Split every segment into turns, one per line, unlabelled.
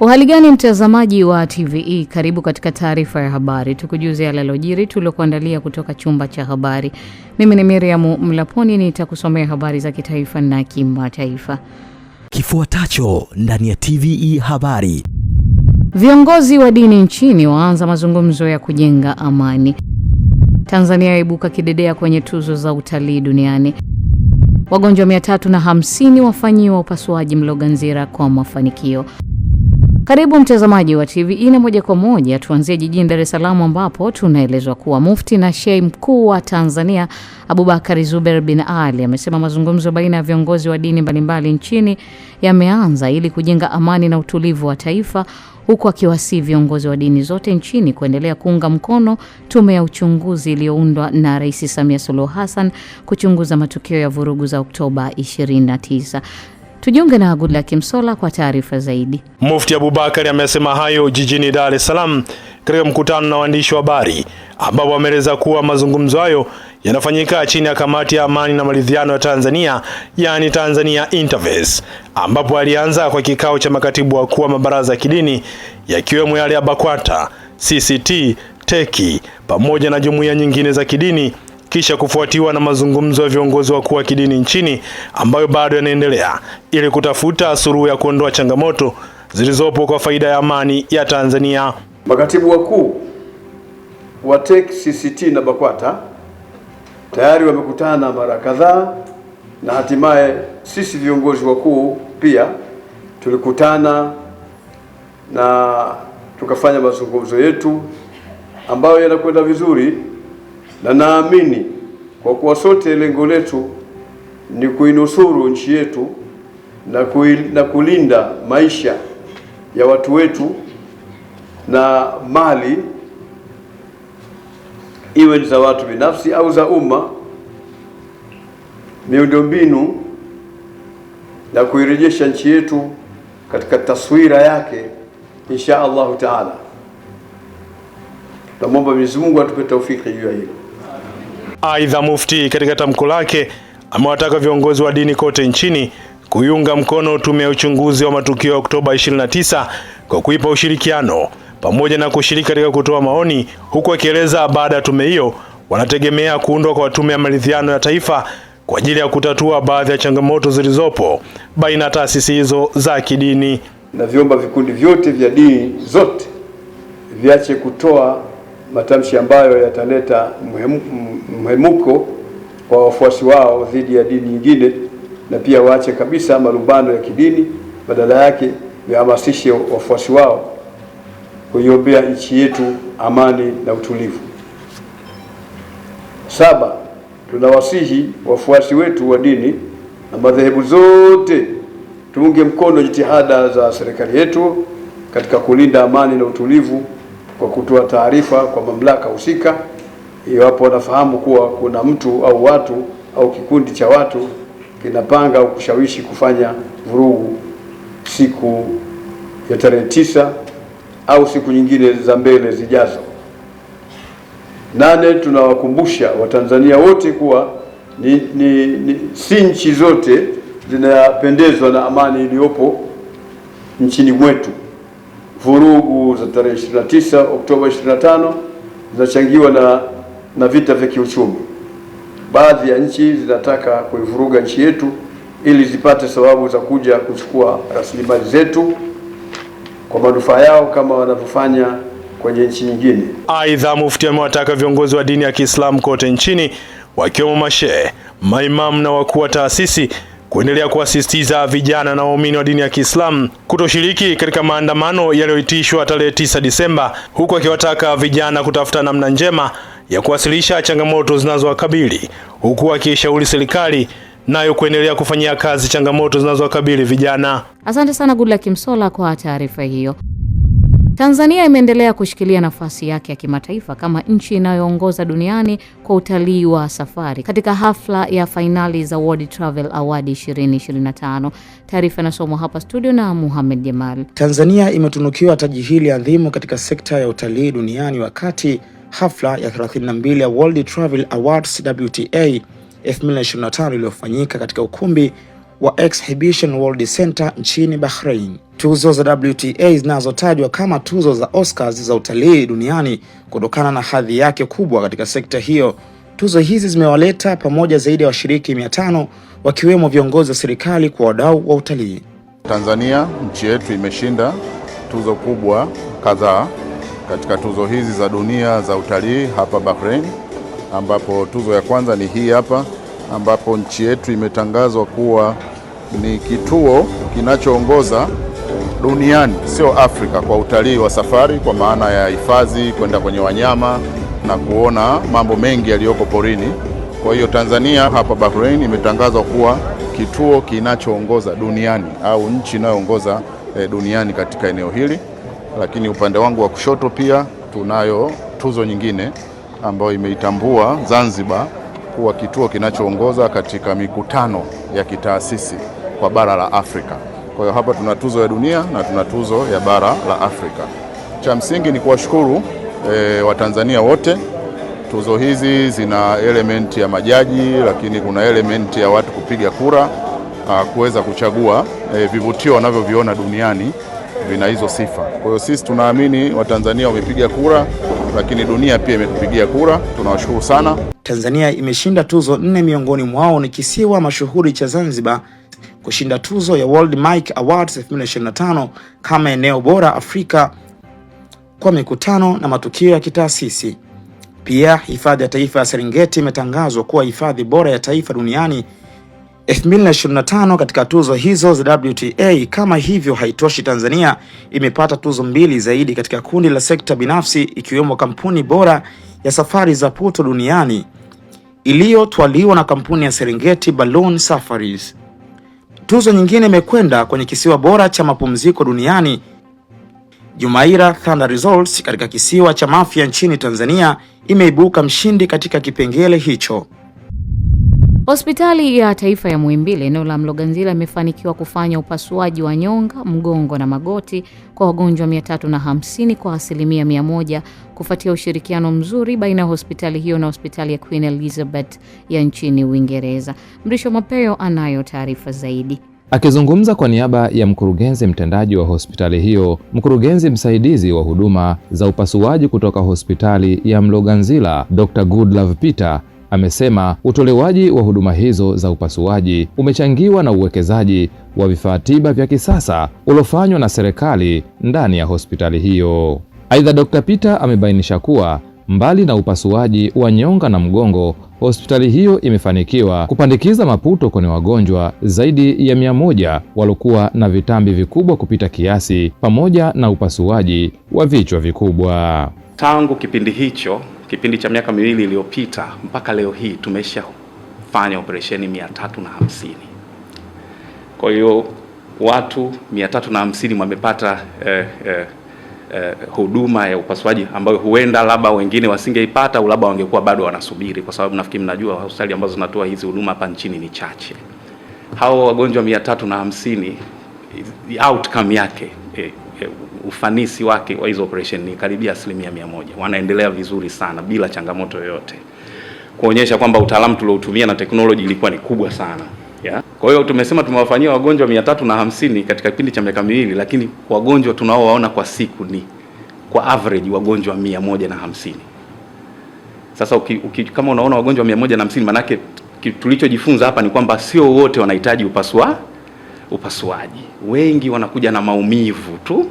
Uhali gani mtazamaji wa TVE, karibu katika taarifa ya habari, tukujuze yaliyojiri tuliokuandalia kutoka chumba cha habari. Mimi ni Miriam Mlaponi, nitakusomea habari za kitaifa na kimataifa
kifuatacho ndani ya TVE habari.
Viongozi wa dini nchini waanza mazungumzo ya kujenga amani. Tanzania yaibuka kidedea kwenye tuzo za utalii duniani. Wagonjwa 350 wafanyiwa upasuaji Mloganzira kwa mafanikio. Karibu mtazamaji wa TV na moja kwa moja, tuanzie jijini Dar es Salaam ambapo tunaelezwa kuwa Mufti na shehe mkuu wa Tanzania Abubakar Zuber bin Ali amesema mazungumzo baina ya viongozi wa dini mbalimbali nchini yameanza ili kujenga amani na utulivu wa taifa, huku akiwasi viongozi wa dini zote nchini kuendelea kuunga mkono tume ya uchunguzi iliyoundwa na Rais Samia Suluhu Hassan kuchunguza matukio ya vurugu za Oktoba 29. Tujiunge na Goodluck Msolla kwa taarifa zaidi.
Mufti Abubakari amesema hayo jijini Dar es Salaam katika mkutano na waandishi wa habari, ambapo ameeleza kuwa mazungumzo hayo yanafanyika chini ya kamati ya amani na maridhiano ya Tanzania, yaani Tanzania Interface, ambapo alianza kwa kikao cha makatibu wakuu wa mabaraza ya kidini yakiwemo yale ya BAKWATA, CCT, TEKI pamoja na jumuiya nyingine za kidini kisha kufuatiwa na mazungumzo ya viongozi wakuu wa kidini nchini ambayo bado yanaendelea ili kutafuta suluhu ya kuondoa changamoto zilizopo kwa faida ya amani ya Tanzania.
Makatibu wakuu wa TEC, CCT na BAKWATA tayari wamekutana mara kadhaa na hatimaye sisi viongozi wakuu pia tulikutana na tukafanya mazungumzo yetu ambayo yanakwenda vizuri na naamini kwa kuwa sote lengo letu ni kuinusuru nchi yetu na, kui, na kulinda maisha ya watu wetu na mali iwe ni za watu binafsi au za umma, miundombinu na kuirejesha nchi yetu katika taswira yake insha Allahu taala. Tunamwomba Mwenyezi Mungu atupe taufiki juu ya hilo.
Aidha, Mufti katika tamko lake amewataka viongozi wa dini kote nchini kuiunga mkono tume ya uchunguzi wa matukio ya Oktoba 29 kwa kuipa ushirikiano pamoja na kushiriki katika kutoa maoni, huku akieleza baada ya tume hiyo wanategemea kuundwa kwa tume ya maridhiano ya taifa kwa ajili ya kutatua baadhi ya changamoto zilizopo baina ya taasisi hizo za kidini.
Na vyomba vikundi vyote vya dini zote viache kutoa matamshi ambayo yataleta mhemuko kwa wafuasi wao dhidi ya dini nyingine, na pia waache kabisa malumbano ya kidini, badala yake wahamasishe wafuasi wao kuiombea nchi yetu amani na utulivu. Saba, tunawasihi wafuasi wetu wa dini na madhehebu zote tuunge mkono jitihada za serikali yetu katika kulinda amani na utulivu kwa kutoa taarifa kwa mamlaka husika iwapo wanafahamu kuwa kuna mtu au watu au kikundi cha watu kinapanga au kushawishi kufanya vurugu siku ya tarehe tisa au siku nyingine za mbele zijazo. Nane, tunawakumbusha Watanzania wote kuwa ni, ni, ni, si nchi zote zinapendezwa na amani iliyopo nchini mwetu vurugu za tarehe 29 Oktoba 25 zinachangiwa na, na vita vya kiuchumi. Baadhi ya nchi zinataka kuivuruga nchi yetu ili zipate sababu za kuja kuchukua rasilimali zetu kwa manufaa yao kama wanavyofanya kwenye nchi nyingine.
Aidha, Mufti amewataka viongozi wa dini ya Kiislamu kote nchini wakiwemo mashehe, maimamu na wakuu wa taasisi kuendelea kuasisitiza vijana na waumini wa dini ya Kiislamu kutoshiriki katika maandamano yaliyoitishwa tarehe tisa Disemba, huku akiwataka vijana kutafuta namna njema ya kuwasilisha changamoto zinazowakabili, huku akiishauri serikali nayo kuendelea kufanyia kazi changamoto zinazowakabili vijana.
Asante sana Goodluck Msolla kwa taarifa hiyo. Tanzania imeendelea kushikilia nafasi yake ya kimataifa kama nchi inayoongoza duniani kwa utalii wa safari katika hafla ya fainali za World Travel Award 2025. Taarifa inasomwa hapa studio na Muhamed Jamal.
Tanzania imetunukiwa taji hili adhimu katika sekta ya utalii duniani wakati hafla ya 32 ya World Travel Awards WTA 2025 iliyofanyika katika ukumbi wa Exhibition World Center nchini Bahrain. Tuzo za WTA zinazotajwa kama tuzo za Oscars za utalii duniani kutokana na hadhi yake kubwa katika sekta hiyo. Tuzo hizi zimewaleta pamoja zaidi ya wa washiriki 500 wakiwemo viongozi wa serikali kwa wadau wa utalii.
Tanzania nchi yetu imeshinda tuzo kubwa kadhaa katika tuzo hizi za dunia za utalii hapa Bahrain, ambapo tuzo ya kwanza ni hii hapa ambapo nchi yetu imetangazwa kuwa ni kituo kinachoongoza duniani, sio Afrika, kwa utalii wa safari, kwa maana ya hifadhi, kwenda kwenye wanyama na kuona mambo mengi yaliyoko porini. Kwa hiyo Tanzania hapa Bahrain imetangazwa kuwa kituo kinachoongoza duniani au nchi inayoongoza e, duniani katika eneo hili. Lakini upande wangu wa kushoto pia tunayo tuzo nyingine ambayo imeitambua Zanzibar kuwa kituo kinachoongoza katika mikutano ya kitaasisi kwa bara la Afrika. Kwa hiyo hapa tuna tuzo ya dunia na tuna tuzo ya bara la Afrika. Cha msingi ni kuwashukuru e, Watanzania wote. Tuzo hizi zina elementi ya majaji, lakini kuna elementi ya watu kupiga kura ah, kuweza kuchagua e, vivutio wanavyoviona duniani vina hizo sifa. Kwa hiyo sisi tunaamini Watanzania wamepiga kura, lakini dunia pia imetupigia kura. Tunawashukuru sana.
Tanzania imeshinda tuzo nne, miongoni mwao ni kisiwa mashuhuri cha Zanzibar kushinda tuzo ya World Mic Awards 2025 kama eneo bora Afrika kwa mikutano na matukio ya kitaasisi. Pia hifadhi ya taifa ya Serengeti imetangazwa kuwa hifadhi bora ya taifa duniani. 2025 katika tuzo hizo za WTA. Kama hivyo haitoshi, Tanzania imepata tuzo mbili zaidi katika kundi la sekta binafsi, ikiwemo kampuni bora ya safari za puto duniani iliyotwaliwa na kampuni ya Serengeti Balloon Safaris. Tuzo nyingine imekwenda kwenye kisiwa bora cha mapumziko duniani Jumaira Thunder Resorts katika kisiwa cha Mafia nchini Tanzania imeibuka mshindi katika kipengele hicho.
Hospitali ya Taifa ya Muhimbili eneo la Mloganzila imefanikiwa kufanya upasuaji wa nyonga, mgongo na magoti kwa wagonjwa 350 kwa asilimia mia moja kufuatia ushirikiano mzuri baina ya hospitali hiyo na hospitali ya Queen Elizabeth ya nchini Uingereza. Mrisho Mapeo anayo taarifa zaidi.
Akizungumza kwa niaba ya mkurugenzi mtendaji wa hospitali hiyo, mkurugenzi msaidizi wa huduma za upasuaji kutoka hospitali ya Mloganzila Dr. Goodlove Peter Amesema utolewaji wa huduma hizo za upasuaji umechangiwa na uwekezaji wa vifaa tiba vya kisasa uliofanywa na serikali ndani ya hospitali hiyo. Aidha, Dr. Peter amebainisha kuwa mbali na upasuaji wa nyonga na mgongo, hospitali hiyo imefanikiwa kupandikiza maputo kwenye wagonjwa zaidi ya mia moja waliokuwa na vitambi vikubwa kupita kiasi pamoja na upasuaji wa vichwa vikubwa.
Tangu kipindi hicho kipindi cha miaka miwili iliyopita mpaka leo hii tumeshafanya operesheni hamsini. Kwa hiyo watu hamsini wamepata eh, eh, eh, huduma ya upasuaji ambayo huenda labda wengine wasingeipata au labda wangekuwa bado wanasubiri, kwa sababu nafikiri mnajua hospitali ambazo zinatoa hizi huduma hapa nchini ni chache. Hao wagonjwa 350 outcome yake eh, ufanisi wake wa hizo operation ni karibia asilimia mia moja. Wanaendelea vizuri sana bila changamoto yoyote, kuonyesha kwamba utaalamu tuliotumia na teknoloji ilikuwa ni kubwa sana yeah. Kwa hiyo tumesema tumewafanyia wagonjwa mia tatu na hamsini katika kipindi cha miaka miwili, lakini wagonjwa tunaowaona kwa siku ni kwa average wagonjwa mia moja na hamsini. Sasa uki, uki, kama unaona wagonjwa mia moja na hamsini manake tulichojifunza hapa ni kwamba sio wote wanahitaji upasua upasuaji, wengi wanakuja na maumivu tu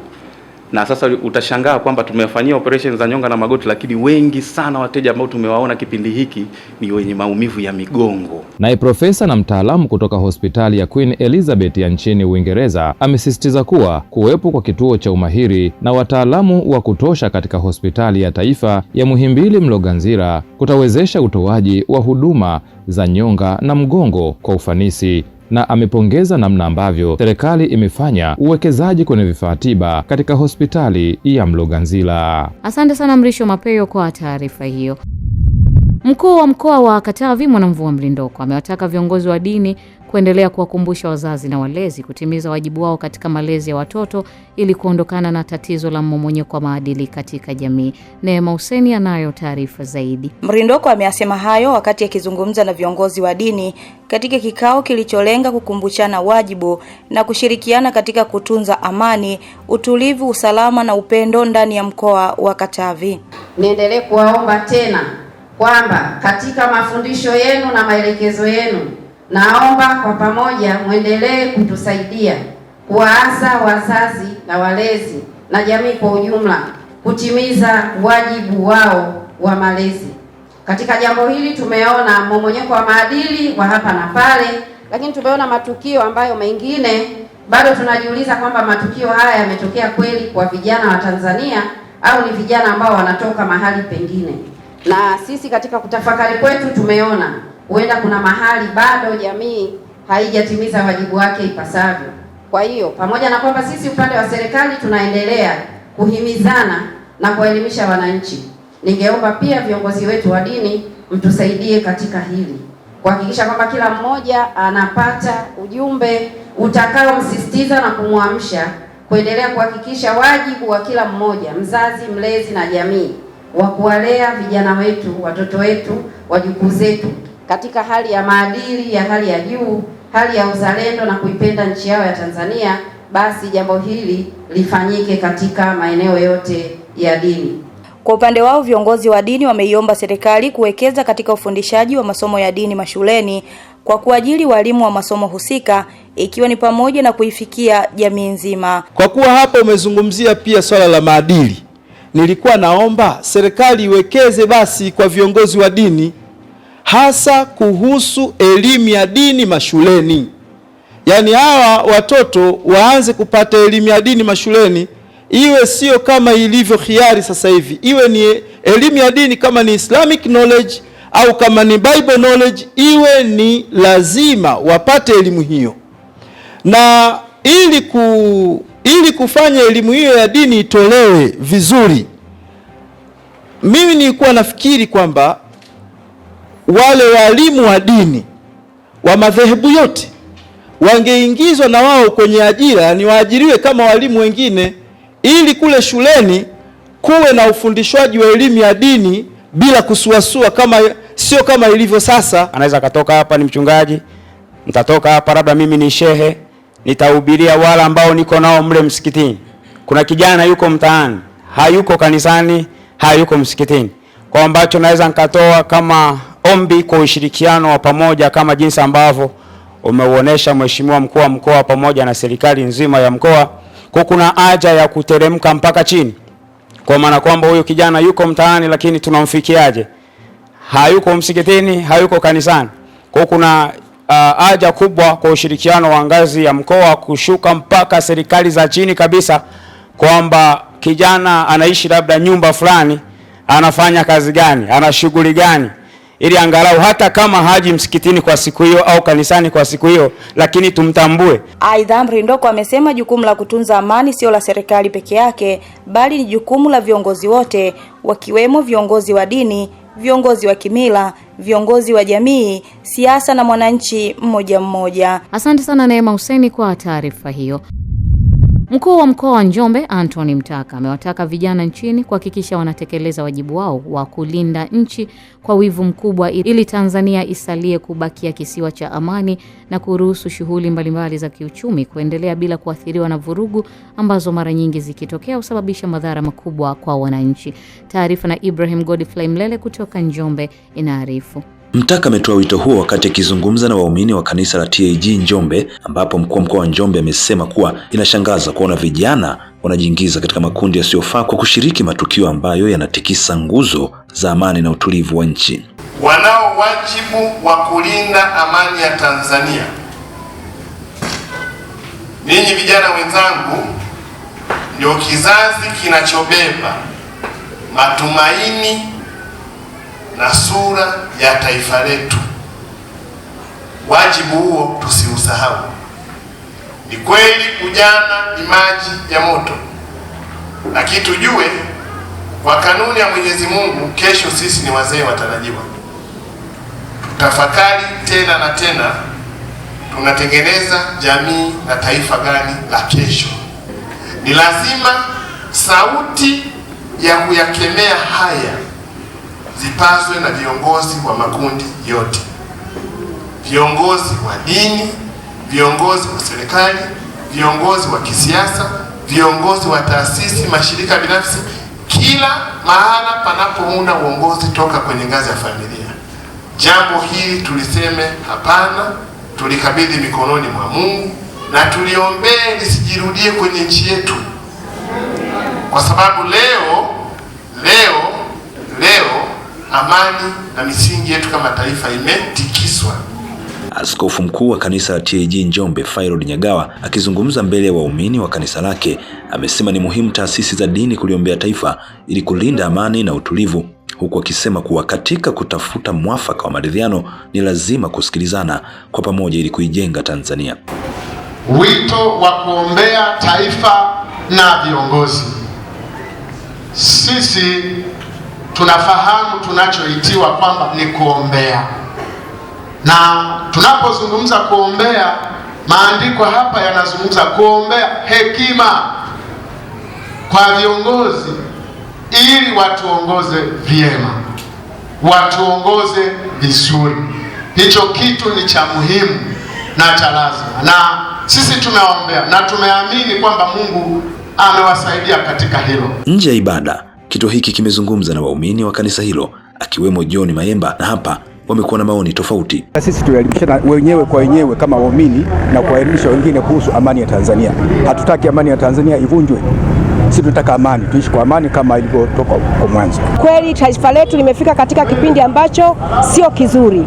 na sasa utashangaa kwamba tumefanyia operation za nyonga na magoti, lakini wengi sana wateja ambao tumewaona kipindi hiki ni wenye maumivu ya migongo.
Naye profesa na mtaalamu kutoka hospitali ya Queen Elizabeth ya nchini Uingereza amesisitiza kuwa kuwepo kwa kituo cha umahiri na wataalamu wa kutosha katika hospitali ya taifa ya Muhimbili Mloganzira kutawezesha utoaji wa huduma za nyonga na mgongo kwa ufanisi na amepongeza namna ambavyo serikali imefanya uwekezaji kwenye vifaa tiba katika hospitali ya Mloganzila.
Asante sana Mrisho Mapeyo kwa taarifa hiyo. Mkuu wa mkoa wa Katavi Mwanamvua Mlindoko amewataka viongozi wa dini kuendelea kuwakumbusha wazazi na walezi kutimiza wajibu wao katika malezi ya watoto ili kuondokana na tatizo la mmomonyoko wa maadili katika jamii. Neema Huseni anayo taarifa zaidi.
mrindoko ameyasema hayo wakati akizungumza na viongozi wa dini katika kikao kilicholenga kukumbushana wajibu na kushirikiana katika kutunza amani, utulivu, usalama na upendo ndani ya mkoa wa Katavi.
Niendelee kuwaomba tena kwamba katika mafundisho yenu na maelekezo yenu, naomba kwa pamoja mwendelee kutusaidia kuwaasa wazazi na walezi na jamii kwa ujumla kutimiza wajibu wao wa malezi. Katika jambo hili tumeona mmomonyoko wa maadili wa hapa na pale, lakini tumeona matukio ambayo mengine bado tunajiuliza kwamba matukio haya yametokea kweli kwa vijana wa Tanzania au ni vijana ambao wanatoka mahali pengine na sisi katika kutafakari kwetu tumeona huenda kuna mahali bado jamii haijatimiza wajibu wake ipasavyo. Kwa hiyo pamoja na kwamba sisi upande wa serikali tunaendelea kuhimizana na kuwaelimisha wananchi, ningeomba pia viongozi wetu wa dini mtusaidie katika hili kuhakikisha kwamba kila mmoja anapata ujumbe utakaomsisitiza na kumwamsha kuendelea kuhakikisha wajibu wa kila mmoja, mzazi, mlezi na jamii wa kuwalea vijana wetu, watoto wetu, wajukuu zetu katika hali ya maadili ya hali ya juu, hali ya uzalendo na kuipenda nchi yao ya Tanzania, basi jambo hili lifanyike katika maeneo yote ya dini.
Kwa upande wao viongozi wa dini wameiomba serikali kuwekeza katika ufundishaji wa masomo ya dini mashuleni kwa kuajiri walimu wa masomo husika ikiwa ni pamoja na kuifikia jamii nzima.
Kwa kuwa hapa umezungumzia pia swala la maadili, nilikuwa naomba serikali iwekeze basi kwa viongozi wa dini, hasa kuhusu elimu ya dini mashuleni. Yaani hawa watoto waanze kupata elimu ya dini mashuleni, iwe sio kama ilivyo hiari sasa hivi, iwe ni elimu ya dini kama ni Islamic knowledge au kama ni Bible knowledge, iwe ni lazima wapate elimu hiyo, na ili ku ili kufanya elimu hiyo ya dini itolewe vizuri, mimi nilikuwa nafikiri kwamba wale walimu wa dini wa madhehebu yote wangeingizwa na wao kwenye ajira, ni waajiriwe kama walimu wengine, ili kule shuleni kuwe na ufundishwaji wa elimu ya dini bila kusuasua, kama sio kama ilivyo sasa.
Anaweza akatoka hapa ni mchungaji, mtatoka hapa labda mimi ni shehe nitahubiria wale ambao niko nao mle msikitini. Kuna kijana yuko mtaani, hayuko kanisani, hayuko msikitini, kwa ambacho naweza nikatoa kama ombi kwa ushirikiano wa pamoja kama jinsi ambavyo umeuonesha Mheshimiwa mkuu wa mkoa pamoja na serikali nzima ya mkoa, kwa kuna haja ya kuteremka mpaka chini, kwa maana kwamba huyu kijana yuko mtaani, lakini tunamfikiaje? Hayuko msikitini, hayuko kanisani, kwa kuna uh, haja kubwa kwa ushirikiano wa ngazi ya mkoa kushuka mpaka serikali za chini kabisa, kwamba kijana anaishi labda nyumba fulani, anafanya kazi gani, ana shughuli gani, ili angalau hata kama haji msikitini kwa siku hiyo au kanisani kwa siku hiyo, lakini tumtambue.
Aidha, Mrindoko amesema jukumu la kutunza amani sio la serikali peke yake, bali ni jukumu la viongozi wote, wakiwemo viongozi wa dini viongozi wa kimila, viongozi wa jamii, siasa na mwananchi mmoja mmoja.
Asante sana Neema Huseni kwa taarifa hiyo. Mkuu wa mkoa wa Njombe Anthony Mtaka amewataka vijana nchini kuhakikisha wanatekeleza wajibu wao wa kulinda nchi kwa wivu mkubwa ili Tanzania isalie kubakia kisiwa cha amani na kuruhusu shughuli mbalimbali za kiuchumi kuendelea bila kuathiriwa na vurugu ambazo mara nyingi zikitokea husababisha madhara makubwa kwa wananchi. Taarifa na Ibrahim Godfrey Mlele kutoka Njombe inaarifu.
Mtaka ametoa wito huo wakati akizungumza na waumini wa kanisa la TAG Njombe, ambapo mkuu wa mkoa wa Njombe amesema kuwa inashangaza kuona vijana wanajiingiza katika makundi yasiyofaa kwa kushiriki matukio ambayo yanatikisa nguzo za amani na utulivu wa nchi.
Wanao wajibu wa kulinda amani ya Tanzania. Ninyi vijana wenzangu, ndio kizazi kinachobeba matumaini na sura ya taifa letu. Wajibu huo tusiusahau. Ni kweli ujana ni maji ya moto, lakini tujue kwa kanuni ya Mwenyezi Mungu, kesho sisi ni wazee watarajiwa. Tutafakari tena na tena, tunatengeneza jamii na taifa gani la kesho? Ni lazima sauti ya kuyakemea haya zipaswe na viongozi wa makundi yote, viongozi wa dini, viongozi wa serikali, viongozi wa kisiasa, viongozi wa taasisi, mashirika binafsi, kila mahala panapounda uongozi toka kwenye ngazi ya familia. Jambo hili tuliseme hapana, tulikabidhi mikononi mwa Mungu na tuliombee lisijirudie kwenye nchi yetu, kwa sababu leo leo leo amani na misingi yetu kama taifa imetikiswa.
Askofu mkuu wa kanisa la TAG Njombe Fairod Nyagawa akizungumza mbele ya wa waumini wa kanisa lake amesema ni muhimu taasisi za dini kuliombea taifa ili kulinda amani na utulivu, huku akisema kuwa katika kutafuta mwafaka wa maridhiano ni lazima kusikilizana kwa pamoja ili kuijenga Tanzania.
Wito wa kuombea taifa na viongozi sisi tunafahamu tunachoitiwa kwamba ni kuombea, na tunapozungumza kuombea, maandiko hapa yanazungumza kuombea hekima kwa viongozi ili watuongoze vyema, watuongoze vizuri. Hicho kitu ni cha muhimu na cha lazima, na sisi tumeombea na tumeamini kwamba Mungu amewasaidia katika hilo.
Nje ya ibada Kituo hiki kimezungumza na waumini wa kanisa hilo akiwemo John Mayemba na hapa wamekuwa na maoni tofauti.
Sisi tunaelimishana wenyewe kwa wenyewe kama waumini na kuwaelimisha wengine kuhusu amani ya Tanzania. Hatutaki amani ya Tanzania ivunjwe. Sisi tunataka amani, tuishi kwa amani kama ilivyotoka kwa mwanzo.
Kweli taifa letu limefika katika kipindi ambacho sio kizuri,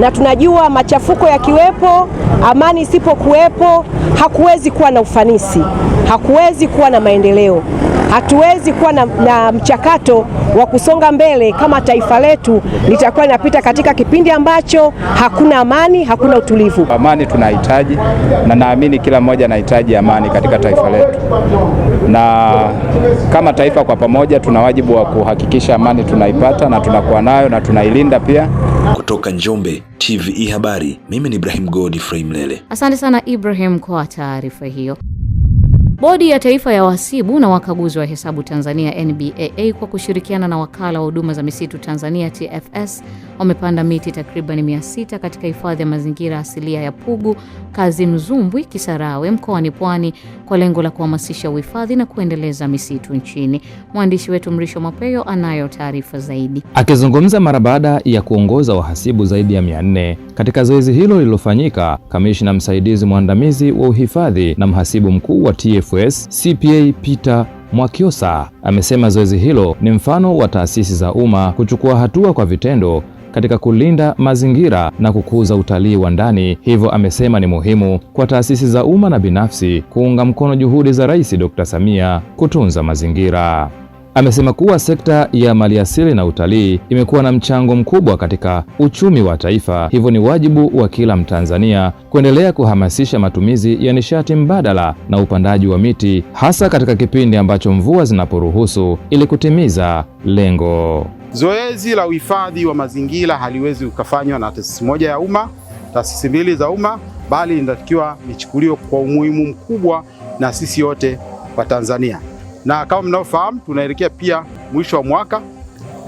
na tunajua machafuko yakiwepo, amani isipokuwepo, hakuwezi kuwa na ufanisi, hakuwezi kuwa na maendeleo. Hatuwezi kuwa na, na mchakato wa kusonga mbele kama taifa letu litakuwa linapita katika kipindi ambacho hakuna amani, hakuna utulivu.
Amani tunahitaji na naamini kila mmoja anahitaji amani katika taifa letu, na kama taifa kwa pamoja tuna wajibu wa kuhakikisha amani tunaipata na tunakuwa nayo na tunailinda pia.
Kutoka Njombe, TVE Habari, mimi ni Ibrahim Godfrey Mlele.
Asante sana Ibrahim kwa taarifa hiyo. Bodi ya Taifa ya Wahasibu na Wakaguzi wa Hesabu Tanzania NBAA kwa kushirikiana na Wakala wa Huduma za Misitu Tanzania TFS wamepanda miti takriban 600 katika hifadhi ya mazingira asilia ya Pugu, kazi mzumbwi Kisarawe mkoani Pwani kwa lengo la kuhamasisha uhifadhi na kuendeleza misitu nchini. Mwandishi wetu Mrisho Mapeyo anayo taarifa zaidi.
Akizungumza mara baada ya kuongoza wahasibu zaidi ya 400 katika zoezi hilo lililofanyika, kamishna msaidizi mwandamizi wa uhifadhi na mhasibu mkuu wa TF TFS CPA Peter Mwakiosa amesema zoezi hilo ni mfano wa taasisi za umma kuchukua hatua kwa vitendo katika kulinda mazingira na kukuza utalii wa ndani. Hivyo amesema ni muhimu kwa taasisi za umma na binafsi kuunga mkono juhudi za Rais Dr. Samia kutunza mazingira. Amesema kuwa sekta ya maliasili na utalii imekuwa na mchango mkubwa katika uchumi wa taifa, hivyo ni wajibu wa kila Mtanzania kuendelea kuhamasisha matumizi ya nishati mbadala na upandaji wa miti hasa katika kipindi ambacho mvua zinaporuhusu ili kutimiza lengo.
Zoezi la uhifadhi wa mazingira haliwezi ukafanywa na taasisi moja ya umma, taasisi mbili za umma, bali inatakiwa lichukuliwe kwa umuhimu mkubwa na sisi wote wa Tanzania na kama mnaofahamu tunaelekea pia mwisho wa mwaka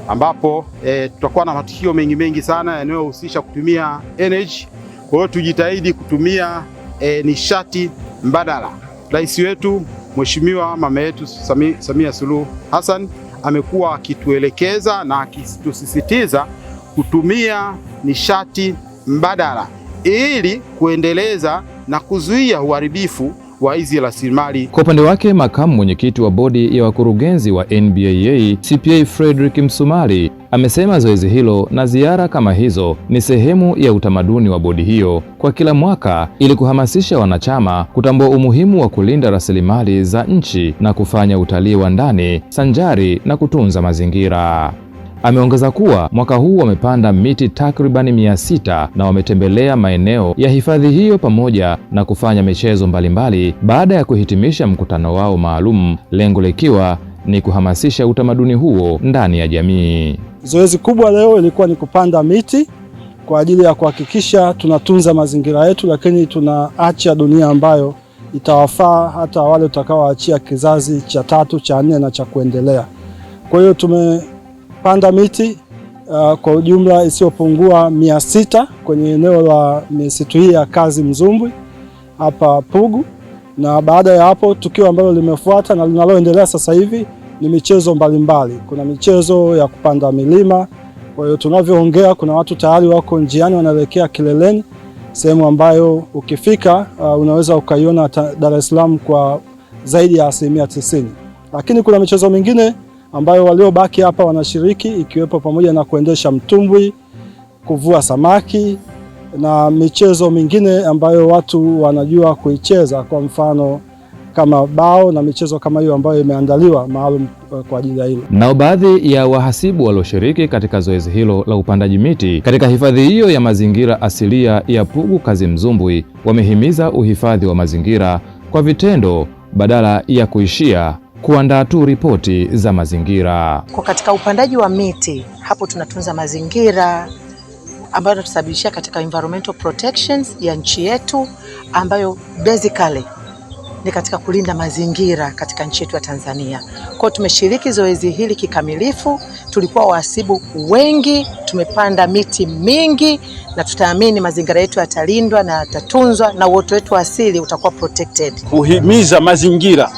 ambapo e, tutakuwa na matukio mengi mengi sana yanayohusisha kutumia energy. Kwa hiyo tujitahidi kutumia e, nishati mbadala. Rais wetu Mheshimiwa mama yetu Samia, Samia Suluhu Hassan amekuwa akituelekeza na akitusisitiza kutumia nishati mbadala ili kuendeleza na kuzuia uharibifu wa hizi rasilimali.
Kwa upande wake, makamu mwenyekiti wa bodi ya wakurugenzi wa NBAA CPA Frederick Msumari amesema zoezi hilo na ziara kama hizo ni sehemu ya utamaduni wa bodi hiyo kwa kila mwaka ili kuhamasisha wanachama kutambua umuhimu wa kulinda rasilimali za nchi na kufanya utalii wa ndani sanjari na kutunza mazingira. Ameongeza kuwa mwaka huu wamepanda miti takribani mia sita na wametembelea maeneo ya hifadhi hiyo pamoja na kufanya michezo mbalimbali baada ya kuhitimisha mkutano wao maalum, lengo likiwa ni kuhamasisha utamaduni huo ndani ya jamii.
Zoezi kubwa leo ilikuwa ni kupanda miti kwa ajili ya kuhakikisha tunatunza mazingira yetu, lakini tunaacha dunia ambayo itawafaa hata wale tutakaowaachia kizazi cha tatu, cha nne na cha kuendelea. Kwa hiyo tume panda miti uh, kwa ujumla isiyopungua mia sita kwenye eneo la misitu hii ya Kazi Mzumbwi hapa Pugu, na baada ya hapo tukio ambalo limefuata na linaloendelea sasa hivi ni michezo mbalimbali mbali. Kuna michezo ya kupanda milima. Kwa hiyo tunavyoongea, kuna watu tayari wako njiani wanaelekea kileleni, sehemu ambayo ukifika uh, unaweza ukaiona Dar es Salaam kwa zaidi ya asilimia tisini, lakini kuna michezo mingine ambayo waliobaki hapa wanashiriki ikiwepo pamoja na kuendesha mtumbwi, kuvua samaki na michezo mingine ambayo watu wanajua kuicheza, kwa mfano kama bao na michezo kama hiyo ambayo imeandaliwa maalum eh, kwa ajili ya hilo.
Nao baadhi ya wahasibu walioshiriki katika zoezi hilo la upandaji miti katika hifadhi hiyo ya mazingira asilia ya Pugu Kazimzumbwi wamehimiza uhifadhi wa mazingira kwa vitendo badala ya kuishia kuandaa tu ripoti za mazingira.
Kwa katika upandaji wa miti hapo tunatunza mazingira ambayo inatusababishia katika environmental protections ya nchi yetu ambayo basically ni katika kulinda mazingira katika nchi yetu ya Tanzania. Kwao tumeshiriki zoezi hili kikamilifu, tulikuwa wahasibu wengi, tumepanda miti mingi na tutaamini mazingira yetu yatalindwa na yatatunzwa na uoto wetu asili utakuwa protected.
Kuhimiza mazingira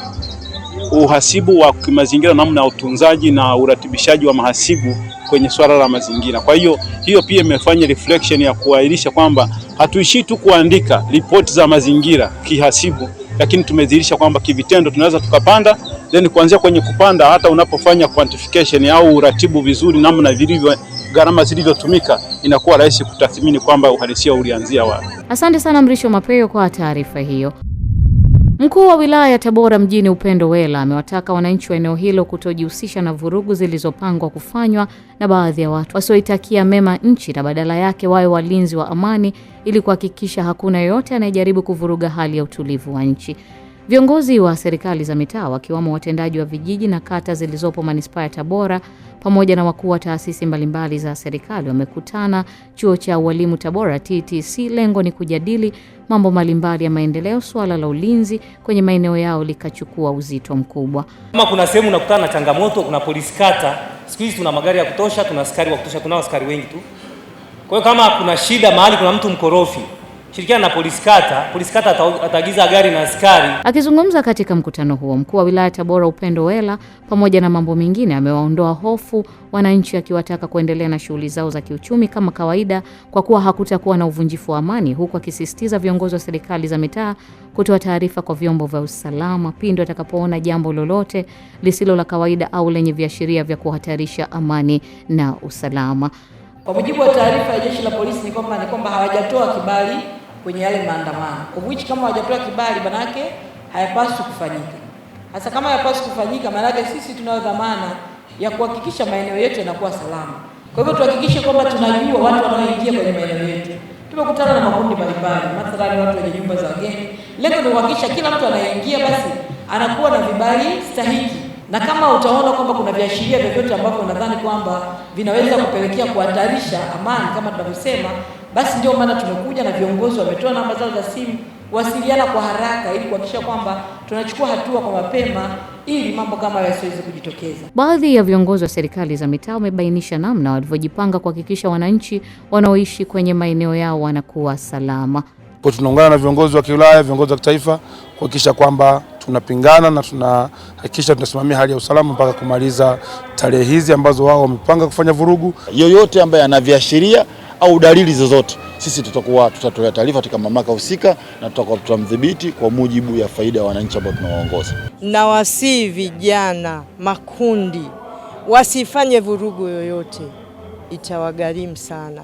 uhasibu wa kimazingira, namna ya utunzaji na uratibishaji wa mahasibu kwenye swala la mazingira. Kwa hiyo hiyo pia imefanya reflection ya kuahirisha kwamba hatuishii tu kuandika ripoti za mazingira kihasibu, lakini tumedhihirisha kwamba kivitendo tunaweza tukapanda, then kuanzia kwenye kupanda hata unapofanya quantification au uratibu vizuri, namna vilivyo gharama zilivyotumika, inakuwa rahisi kutathmini kwamba uhalisia ulianzia wapi.
Asante sana Mrisho Mapeo kwa taarifa hiyo. Mkuu wa wilaya ya Tabora mjini Upendo Wela amewataka wananchi wa eneo hilo kutojihusisha na vurugu zilizopangwa kufanywa na baadhi ya watu wasioitakia mema nchi na badala yake wawe walinzi wa amani ili kuhakikisha hakuna yoyote anayejaribu kuvuruga hali ya utulivu wa nchi. Viongozi wa serikali za mitaa wakiwamo watendaji wa vijiji na kata zilizopo manispaa ya Tabora pamoja na wakuu wa taasisi mbalimbali za serikali wamekutana chuo cha ualimu Tabora TTC. Lengo ni kujadili mambo mbalimbali ya maendeleo. Suala la ulinzi kwenye maeneo yao likachukua uzito mkubwa.
Kama kuna sehemu unakutana na changamoto, kuna polisi kata, siku hizi tuna magari ya kutosha, tuna askari wa kutosha, tuna askari wengi tu. Kwa hiyo kama kuna shida mahali, kuna mtu mkorofi shirikiana na polisi kata. Polisi kata ataagiza gari na askari.
Akizungumza katika mkutano huo, mkuu wa wilaya Tabora Upendo Wela, pamoja na mambo mengine, amewaondoa hofu wananchi, akiwataka kuendelea na shughuli zao za kiuchumi kama kawaida, kwa kuwa hakutakuwa na uvunjifu wa amani, huku akisisitiza viongozi wa serikali za mitaa kutoa taarifa kwa vyombo vya usalama pindi watakapoona jambo lolote lisilo la kawaida au lenye viashiria vya kuhatarisha amani na usalama.
Kwa mujibu wa taarifa ya jeshi la polisi ni kwamba ni kwamba hawajatoa kibali kwenye yale maandamano, of which kama hawajapewa kibali, manake hayapaswi kufanyika. Hasa kama hayapaswi kufanyika, manake sisi tunayo dhamana ya kuhakikisha maeneo yetu yanakuwa salama. Kwa hivyo tuhakikishe kwamba tunajua watu wanaoingia kwenye maeneo yetu. Tumekutana na makundi mbalimbali, mathalani watu wenye nyumba za wageni. Lengo ni kuhakikisha kila mtu anayeingia basi anakuwa na vibali stahiki, na kama utaona kwamba kuna viashiria vyovyote ambavyo unadhani kwamba vinaweza kupelekea kuhatarisha amani kama tunavyosema basi ndio maana tumekuja na viongozi wametoa namba zao za simu, wasiliana kwa haraka ili kuhakikisha kwamba tunachukua hatua kwa mapema ili mambo kama hayo yasiweze kujitokeza.
Baadhi ya viongozi wa serikali za mitaa wamebainisha namna walivyojipanga kuhakikisha wananchi wanaoishi kwenye maeneo yao wanakuwa salama.
Kwa tunaungana na viongozi wa kiulaya, viongozi wa kitaifa kuhakikisha kwamba tunapingana na tunahakikisha tunasimamia hali ya usalama mpaka kumaliza tarehe hizi ambazo wao wamepanga kufanya vurugu.
Yoyote ambaye anaviashiria au dalili zozote, sisi tutakuwa tutatolea taarifa katika mamlaka husika na tutakuwa tutamdhibiti kwa mujibu ya faida ya wananchi ambao tunawaongoza.
Na wasii vijana makundi wasifanye vurugu yoyote, itawagharimu sana.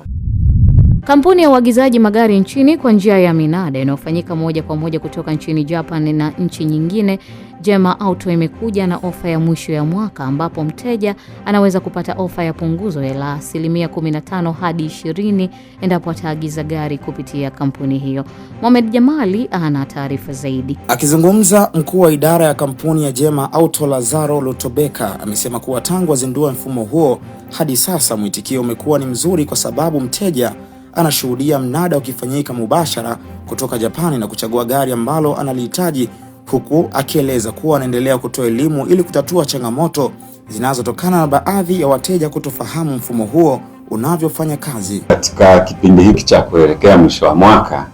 Kampuni ya uagizaji magari nchini kwa njia ya minada inayofanyika moja kwa moja kutoka nchini Japan na nchi nyingine Jema Auto imekuja na ofa ya mwisho ya mwaka ambapo mteja anaweza kupata ofa ya punguzo la asilimia 15 hadi 20 endapo ataagiza gari kupitia kampuni hiyo. Mohamed Jamali ana taarifa zaidi.
Akizungumza, mkuu wa idara ya kampuni ya Jema Auto Lazaro Lutobeka amesema kuwa tangu azindua mfumo huo hadi sasa mwitikio umekuwa ni mzuri kwa sababu mteja anashuhudia mnada ukifanyika mubashara kutoka Japani na kuchagua gari ambalo analihitaji huku akieleza kuwa wanaendelea kutoa elimu ili kutatua changamoto zinazotokana na baadhi ya wateja kutofahamu mfumo huo unavyofanya kazi.
Katika kipindi hiki cha kuelekea mwisho wa mwaka,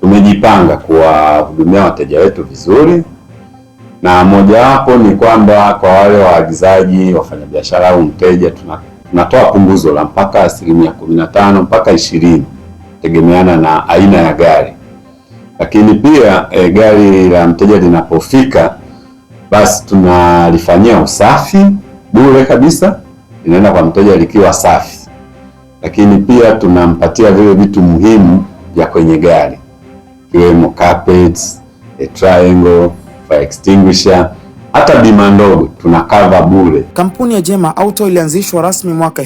tumejipanga kuwahudumia wateja wetu vizuri, na mojawapo ni kwamba kwa wale waagizaji, wafanyabiashara au mteja, tunatoa punguzo la mpaka asilimia 15 mpaka 20 tegemeana na aina ya gari lakini pia e, gari la mteja linapofika basi tunalifanyia usafi bure kabisa, linaenda kwa mteja likiwa safi, lakini pia tunampatia vile vitu muhimu vya kwenye gari ikiwemo carpets, a eh, triangle, fire extinguisher hata bima ndogo tunakava bure.
Kampuni ya Jema Auto ilianzishwa rasmi mwaka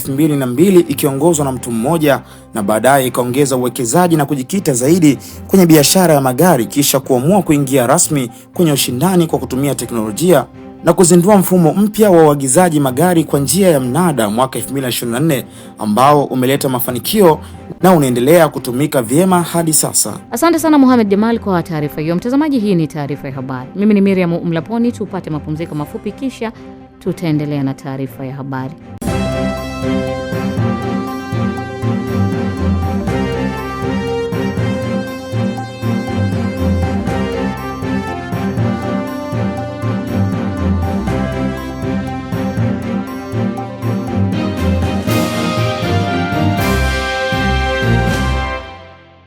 mbili ikiongozwa na mtu mmoja na baadaye ikaongeza uwekezaji na kujikita zaidi kwenye biashara ya magari kisha kuamua kuingia rasmi kwenye ushindani kwa kutumia teknolojia na kuzindua mfumo mpya wa uagizaji magari kwa njia ya mnada mwaka 2024 ambao umeleta mafanikio na unaendelea kutumika vyema hadi sasa.
Asante sana Mohamed Jamal kwa taarifa hiyo. Mtazamaji, hii ni taarifa ya habari. Mimi ni Miriam Mlaponi, tupate mapumziko mafupi kisha tutaendelea na taarifa ya habari.